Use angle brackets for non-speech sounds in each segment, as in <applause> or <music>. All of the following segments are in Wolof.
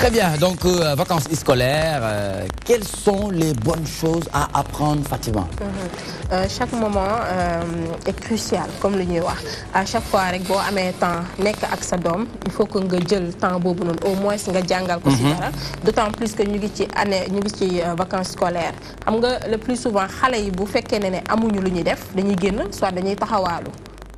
Très bien, donc euh, vacances scolaires, euh, quelles sont les bonnes choses à apprendre, Fatima mhm. euh, Chaque moment est crucial, comme le ñuy wax à chaque fois rek boo un temps nek ak sa il faut que nga jël temps au moins nga jàngal ko si mhm. dara d'autant plus que nous, ngi ci année vacances scolaires Am, nga le plus souvent xale yi bu fekkee ne ne amuñu lu ñuy def dañuy soit dañuy taxawaalu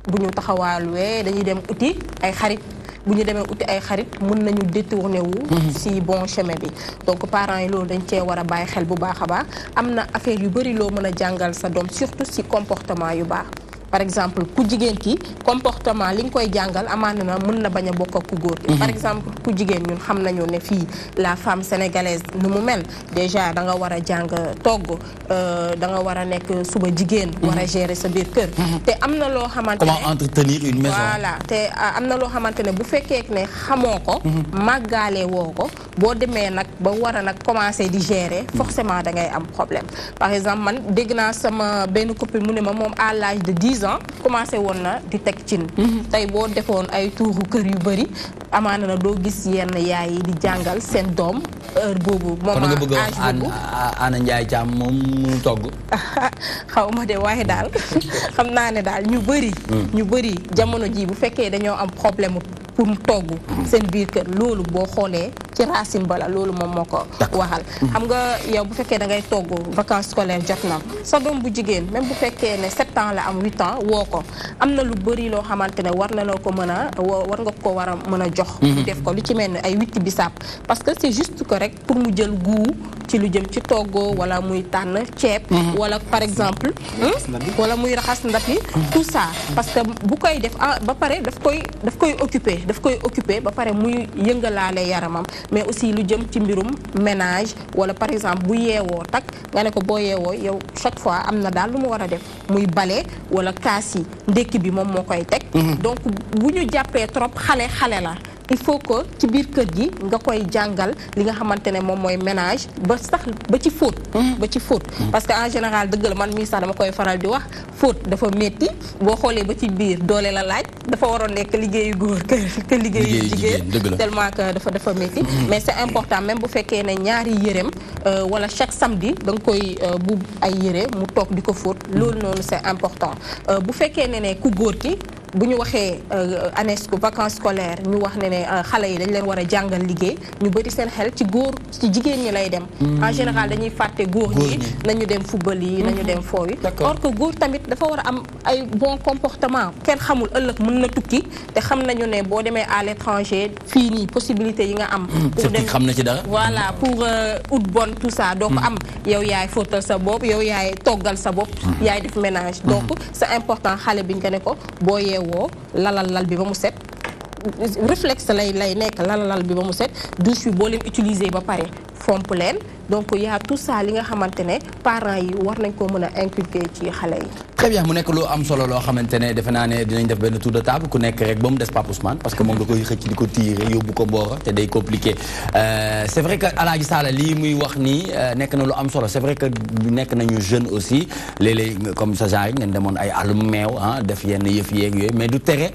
bu ñu taxawaaluwee dañuy dem uti ay xarit buñu démé demee ay xarit mën nañu détourné wu si mhm. bon chemin bi donc parents yi loolu dañ cee wara a xel bu baakha ba amna affaire yu bëri lo mën jangal sa dom surtout si comportement yu baax par exemple ku jigéen ki comportement li nga koy jàngal amaana na mën na bañ a bokk ak ku góor mhm. par exemple ku jigéen ñun xam nañu ne fii la femme sénégalaise nu mu mel déjà da nga war a jàng togg euh, da nga war a nekk suba jigéen mhm. war a gérer sa biir kër mhm. te am na loo xamante ne comment entretenir une maison voilà te am na loo xamante ne bu fekkee ne xamoo ko màggaale woo ko boo demee nag ba war a nag commencer di gérer forcément da ngay am problème par exemple man dégg naa sama benn copine mu ne ma moom à l'âge de dix dix commencé woon na di teg cin mhm. tey boo defoon ay tuuru kër yu bëri amaana na doo gis yenn yaay yi di jàngal seen doom heure boobu moom nga bëgg Anna Ndiaye Thiam moom mu togg <laughs> xaw ma de waaye daal <laughs> xam naa ne daal ñu bëri mm. ñu bëri jamono ji bu fekkee dañoo am problème pour mu togg mm. seen biir kër loolu boo xoolee ci racine bala loolu moom moo ko waxal mm-hmm. xam nga yow bu fekkee da ngay togg vacances scolaires jot na sa doom bu jigéen même bu fekkee ne sept ans la am huit ans woo ko am na lu bëri loo xamante ne war na loo ko mën a war nga ko war a mën a jox mm-hmm. def ko lu ci mel ne ay witti bisaab parce que c'est juste que rek pour mu jël goût ci lu jëm ci toggoo wala muy tànn ceeb mm-hmm. wala par exemple hmm? wala muy raxas ndab yi tout ça parce que bu koy def ah, ba pare daf koy daf koy occupé daf koy occupé ba pare muy yëngalaale yaramam mais aussi lu jëm ci mbirum ménage wala par exemple bu yeewoo tak nga ne ko boo yeewoo yow chaque fois am na daal lu mu war a def muy bale wala kaas yi ndékki bi moom moo koy teg mhm. donc bu ñu jàppee trop xale xale la il faut que ci biir kër gi nga koy jàngal li nga xamante ne moom mooy ménage ba sax ba ci fóot mm-hmm. ba ci fóot mm-hmm. parce que en général dëgg la man mii sax dama koy faral di wax fóot dafa métti boo xoolee ba ci biir doole la laaj dafa waroon nekk liggéeyu góor que <laughs> liggéeyu jigéen tellement que dafa dafa métti mm-hmm. mais c'est important même bu fekkee ne ñaari yërem euh, wala chaque samedi da nga koy euh, buub ay yëre mu toog di ko fóot loolu noonu c'est important euh, bu fekkee ne ne ku góor ki bu ñu waxee euh, ANESCO vacances scolaires ñu wax ne ne euh, xale yi dañ leen war a jàngal liggéey ñu bëri seen xel ci góor ci jigéen ñi lay dem. Hmm. en général dañuy fàtte góor ñi nañu dem football yi nañu dem hmm. foo yi. or que góor tamit dafa war a am ay bon comportement kenn xamul ëllëg mën na tukki te xam nañu ne boo demee à l'étranger fii nii possibilité yi nga am. Hmm. pour dem xam na ci dara. voilà pour euh, ut bon ça. doo ko am yow yaay fóotal sa bopp yow yaay toggal sa bopp. yaay def ménage donc c'est important xale bi nga ne ko wo lalal lal bi ba mu set réflexe lay lay nek lalal lal bi ba mu set douche bi boo leen utiliser ba paré pompe leen donc il y a tout ça li nga xamantene parents yi war nañ ko mën a inculquer ci xalé yi très bien mu nek lu am solo lo xamantene ne defe naa dinañ def ben tour de table ku nek rek ba mu des Ousmane parce que moom da koy xëcc di ko tiire yóbbu ko mboora te day compliqué euh c'est vrai que Alaaji Sala li muy wax ni euh, nek na lu am solo c'est vrai que nek nañu jeune aussi les les comme sa genre ngeen demoon ay àllum mew hein ah, def yenn yëf yeeg yoy mais du téré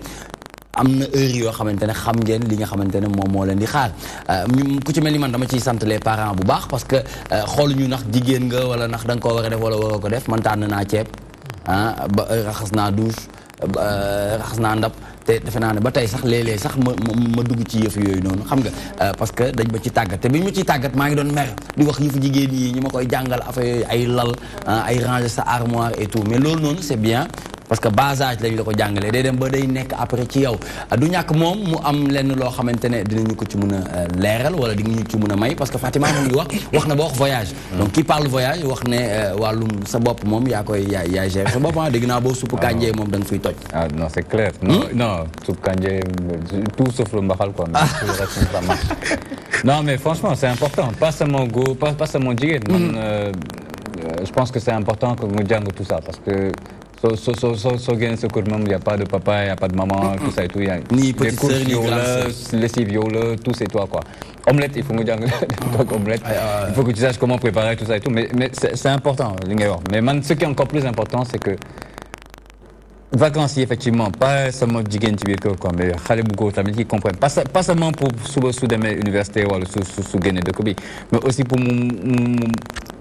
amna heure yo xamantene xam ngeen li nga xamantene mom mo len di xaar ñu euh, ku ci mel ni man dama ci sant les parents bu baax parce que euh, xol ñu ndax digeen nga wala ndax dang ko wara def wala waroo ko def man tan na ceeb ah ba euh, raxas naa douche euh, raxas naa ndab te defe naa ne ba tey sax léeg-léeg sax ma ma dugg ci yëf yooyu noonu xam nga euh, parce que dañ ma ci tàggat te biñ ma ciy tàggat maa ngi doon mer di wax yëfu jigéen yi ñu ma koy jàngal affaire yooyu ay lal ah, ay ranger sa armoire et tout mais loolu noonu c'est bien parce que bas âge la ko jàngalee day dem ba day nekk après ci yow du ñàkk moom mu am lenn loo xamante ne dinañu ko ci mun a euh, leeral wala dinañu ci mën a may parce que Fatima mu ngi wax wax na ba wax voyage. Hmm. donc qui parle voyage wax ne euh, wàllum sa bopp moom yaa koy yaa yaa sa bopp ah dégg naa boo supp ah, kànjee moom da nga fiy toj. ah non c'est clair. non hmm? non supp kànjee tout sauf le mbaxal quoi. <laughs> non mais franchement c'est important pas seulement góor hmm. euh, que c'est important que ñu parce que. ce Secours même, il n'y a pas de papa, il n'y a pas de maman, tout ça et tout. Y a ni petite sœur, ni violeux, Les civioles, tout c'est toi quoi. Omelette, il faut me dire omelette. Il faut que tu saches comment préparer tout ça et tout. Mais, mais c'est important, Mais mais ce qui est encore plus important, c'est que vacances, effectivement, pas seulement du Gentibirko, quoi, mais Khalebouko, ça veut dire qui comprennent. Pas, pas seulement pour sous le sous de universités ou le sous sous de Kobe, mais aussi pour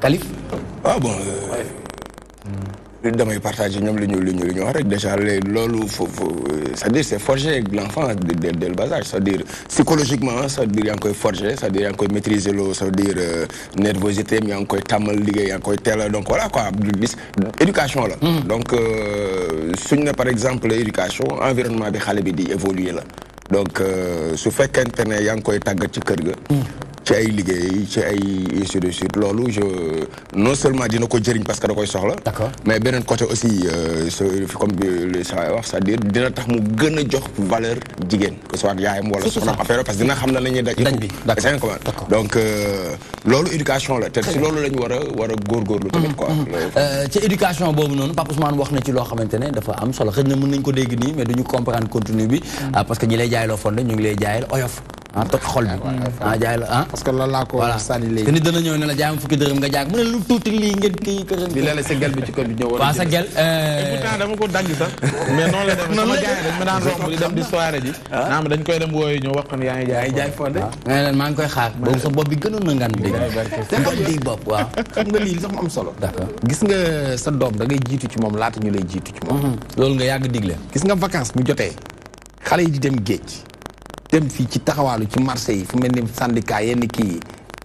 Calif. ah bon euh, Dans partager partages, li ñu li ñu li ñu déjà euh, c'est-à-dire c'est forgé l'enfant dès le bas âge c'est-à-dire psychologiquement c'est-à-dire qu'il ngi koy forgé c'est-à-dire qu'il maîtriser l'eau, c'est-à-dire euh, nervosité mais encore tamal, tàmmal il yaa tel. donc voilà quoi éducation là. Mm-hmm. donc nous avons, par exemple éducation environnement bi xale bi di évoluer là. donc su fait qu'un yaa est encore tàggat ci kër mm. ci ay liggéey ci ay ainsi de suite loolu je non seulement dina ko jëriñ parce que da koy soxla. mais beneen côté aussi euh, comme wax cest dina tax mu gën a jox valeur jigéen. que ce soit yaayam wala soxnaam affaire parce que dina xam ne la ñuy daj. dañ bi donc euh, loolu éducation la te si loolu la ñu war a war a góorgóorlu tamit quoi. Mm-hmm. Euh, ci éducation boobu noonu Pape loo xamante ne dafa am solo xëy na mën nañ ko dégg nii mais duñu comprendre contenu bi. Mm. parce que ñi lay jaay fonde ñu ngi lay jaayal oyof. ah toj xol bi ah jaay la ah parce que loolu laa ko sànni léegi te dana ñëw ne la jaay ma fukki dërëm nga jaay mu ne lu tuuti lii ngeen kii këram bi léeg-léeg sa gel bi ci kër bi ñëw waaw sa gel euh, pourtant dama ko dagg sax mais noonu la def sama gars dañ ma daan romb di dem di soirée ji ah. naa ma dañ koy dem wooyu ñëw wax ne yaa ngi jaay jaay fonde nga ne leen maa ngi koy xaar boobu sa bopp bi gënoon na ngan dégg te xam lii bopp waaw xam nga li sax mu am solo d'accord gis nga sa doom da ngay jitu ci moom laata ñu lay jiitu ci moom mm-hmm. loolu nga yàgg digle gis nga vacances bu jotee xale yi di dem géej dem fii ci taxawaalu ci marché yi fu mel ni syndicat yenn kii yi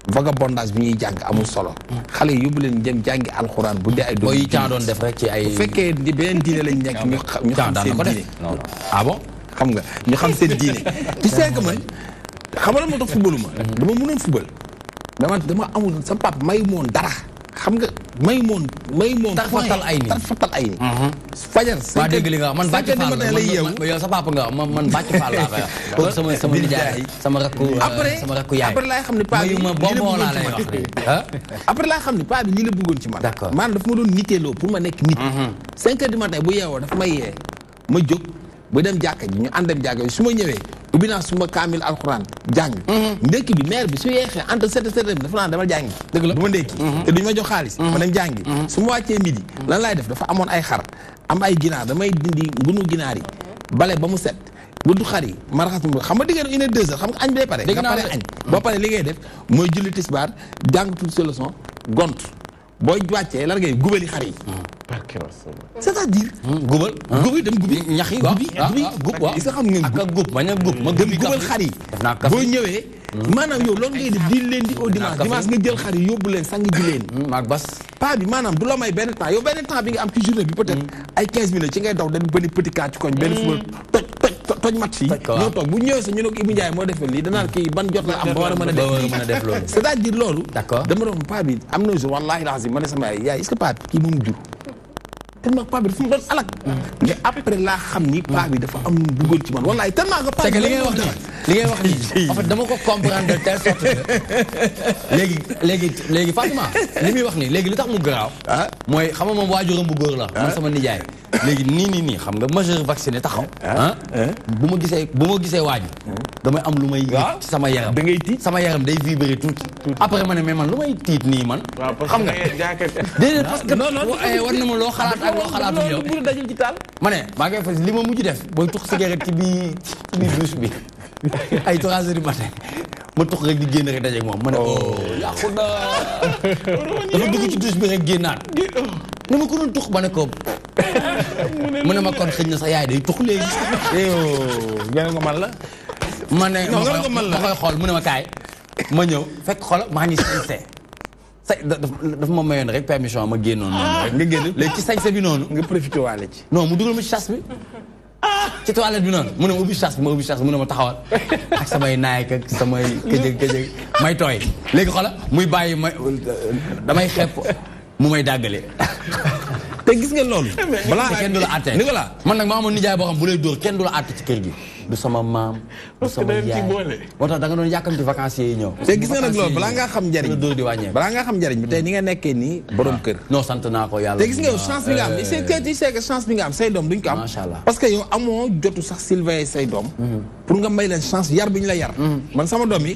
vagabondage bi ñuy jàng amul solo. xale yi yóbbu leen jëm jàngi alxuraan bu dee ay. doon yi caa def rek ci ay. bu fekkee beneen diine lañ nekk ñu xam seen diine. ah bon xam nga ñu xam seen diine. tu sais que man xamal ma tax fubalu ma. Mhm. dama mënoon fubal. dama dama amul sa pap may moon dara. xam nga may moon may moon tarfatal ay ni tarfatal ay ni mhm. fajar waa dégg li nga wax man bàcc faal la man sa papa nga man man bàcc laa koy wax sama sama sama rakku euh, sama rakku yaay après xam ne paa bi ma booboo laa lay wax après laay xam ne paa bi ma la <laughs> bëggoon ci man d'accord maanaam ma doon niteeloo pour ma nekk nit mhm. cinq heures du matin bu yeewoo dafa ma yee ma jóg ba dem jàkka ji ñu ànd dem jàkka su ma ñëwee ubbi naa suma kaamil alxuraan jàng mhm. ndékki bi maire bi su yeexee entre sept et sept bi dafa naan dama jàngi dëgg la du ma mhm. ma jox xaalis mhm. ma jàngi su ma wàccee midi lan laay def dafa amoon ay xar am ay ginaar damay dindi ngunu ginaar yi bale ba mu set wutu xar yi ma raxas mu xam nga diggante une heure deux heures xam nga añ bi pare nga pare añ boo pare li ngay def mooy julli tisbaar jàng tuuti sa leçon gont booy wàccee lan ngay gubali xar yi. Hmm. c'est-à-dire. Hmm, gubal hmm. gubi dem gubi. ñax yi gubi gubi gis nga xam ngeen gub ak gub a gub ma dem gubal xar yi. boo ñëwee. maanaam yow loolu ngay def di lundi au dimanche dimanche nga jël xar yi yóbbu leen sang ji leen. maag bas maanaam du la may benn temps yow benn temps bi nga am ci journée bi peut-être ay 15 minutes ci ngay daw dem benn petit cas koñ benn fure. toj match yi ñoo toog bu ñëwee sax ñu ne ko Ibou Ndiaye moo defee lii danaan kii ban jot la am ba war a mën a def loolu <laughs> c'est-à-dire loolu dama doon paa bi am na jour wallaahi lazim ma ne sama yaay est-ce que paa bi kii moom jur tellement paa bi dafa mu doon alak mm. mais après laa xam ni paa bi dafa am lu dugal ci man wallaahi tellement que paa bi li ngay wax li ngay wax nii dama ko comprendre de telle sorte que léegi léegi léegi Fatima li muy wax nii léegi li tax mu garaaw mooy xam nga moom waajuram bu góor la man sama nijaay léegi nii nii xam nga majeur vacciné taxaw ah bu ma gisee bu ma gisee waaju damay am lu may yëg sama yaram da ngay tiit sama yaram day vibrer tuuti après ma ne mais man lu may tiit nii man xam nga déedéet parce que war na ma loo xalaat ak loo xalaatu yow ma ne maa nga fas li ma mujj def booy tux cigarette ci bi ci bi bi <laughs> ay trois heures du matin ma tox rek di génn rek dajeeg moom ma ne oh, oh yàqu na dafa dugg ci douche bi rek génnaat ne ma ko doon tux ma ne ko mu ne ma kon xëñ na sax yaay day tux léegi <laughs> nga ne man la ma ne ma koy xool mu ne ma kaay ma ñëw fekk xoola maa ngi sañse sa dafa ma mayoon rek permission ma génnoon noonu rek ah. nga génn léegi ci sañse bi noonu nga profité waale ci non mu dugal ma ci chasse bi ci toilette bi noonu mu ne ma ubbi chasse bi ma ubbi chasse mu ne ma taxawal ak samay naay ak samay këjëg këjëg may tooy léegi xoola muy bàyyi may damay xepp mu may dàggale te gis ngeen loolu. <laughs> balaa kenn du la àtte ni nga man tax da nga doon yàkkamti vacanciers gis nga nag loolu balaa ngaa xam njariñ dóor di wàññeeku balaa ngaa xam njariñ bi tey ni nga nekkee nii borom kër. Ah, non sant naa ko yàlla. te gis nga chance am euh, tu sais que chance bi nga am say doom duñ ko am. parce que yow amoo jotu sax sylvain say doom. Mm-hmm. pour nga may leen chance yar bi ñu la yar. Mm-hmm. man sama doom yi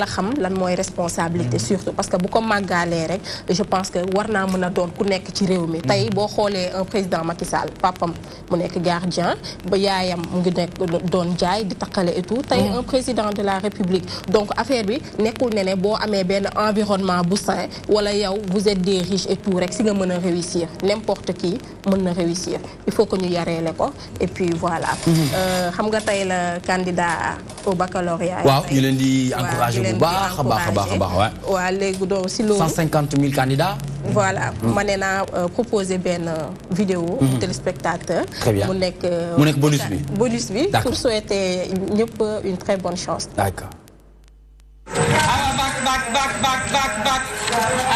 la xam lan responsabilité mm. surtout parce que bu ko màggaalee rek je pense que war naa mën ku ci mm. un euh, président papam gardien ba mu ngi euh, jaay et tout mm. un président de la république donc affaire bi que ne environnement bu vous êtes des riches et tout si réussir n'importe qui mën réussir il faut que ñu yareele ko et puis voilà mm-hmm. euh, xam nga candidat au baccalauréat waaw ñu leen di 150 000 candidats. voilà mm-hmm. Mm-hmm. ma ne bien euh, proposer euh, vidéo mm-hmm. téléspectateur très bien, mon euh, nekk bonus bi bonus bi pour souhaiter ñëpp une très bonne chance d'accord aywa back back back back back back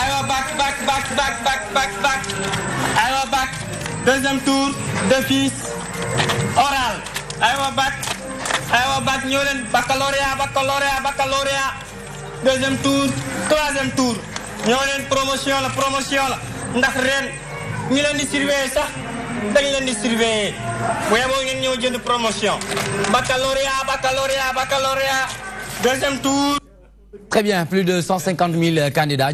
aywa back back back back back back back back deuxième tour défi oral aywa back aywa back ñoo leen baccalauréat baccalauréat baccalauréat deuxième tour troisième tour avons une promotion la promotion Nous ndax ren ñu leen di surveiller sax dañ promotion baccalauréat baccalauréat baccalauréat deuxième tour. très bien plus de 150 000 candidats